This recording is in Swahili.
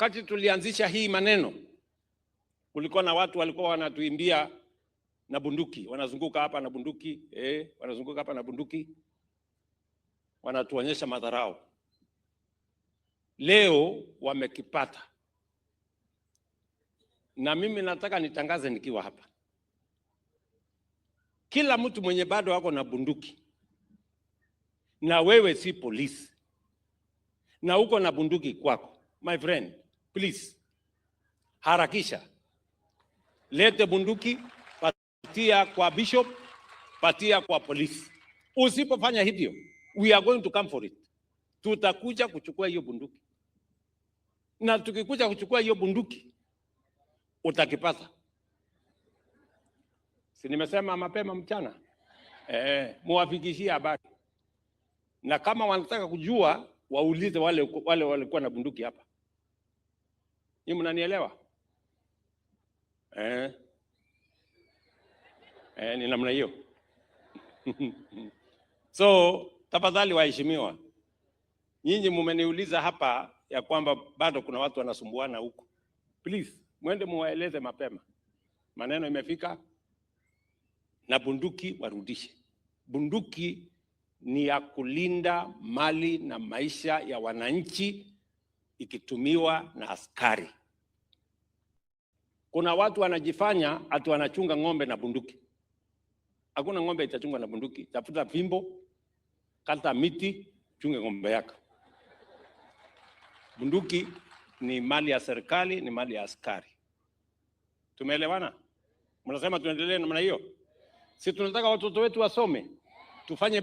Wakati tulianzisha hii maneno, kulikuwa na watu walikuwa wanatuimbia na bunduki, wanazunguka hapa na bunduki eh, wanazunguka hapa na bunduki, wanatuonyesha madharau. Leo wamekipata, na mimi nataka nitangaze nikiwa hapa, kila mtu mwenye bado wako na bunduki, na wewe si polisi na uko na bunduki kwako, my friend please harakisha, lete bunduki, patia kwa bishop, patia kwa polisi. Usipofanya hivyo, we are going to come for it. Tutakuja kuchukua hiyo bunduki, na tukikuja kuchukua hiyo bunduki utakipata. Si nimesema mapema mchana eh? Muwafikishie habari, na kama wanataka kujua waulize wale wale walikuwa na bunduki hapa. Ni mnanielewa eh? Eh, ni namna hiyo so tafadhali, waheshimiwa, nyinyi mmeniuliza hapa ya kwamba bado kuna watu wanasumbuana huku please mwende muwaeleze mapema, maneno imefika na bunduki warudishe. Bunduki ni ya kulinda mali na maisha ya wananchi ikitumiwa na askari. Kuna watu wanajifanya ati wanachunga ng'ombe na bunduki. Hakuna ng'ombe itachungwa na bunduki. Tafuta fimbo, kata miti, chunge ng'ombe yako. Bunduki ni mali ya serikali, ni mali ya askari. Tumeelewana? Mnasema tuendelee namna hiyo? Si tunataka watoto wetu wasome, tufanye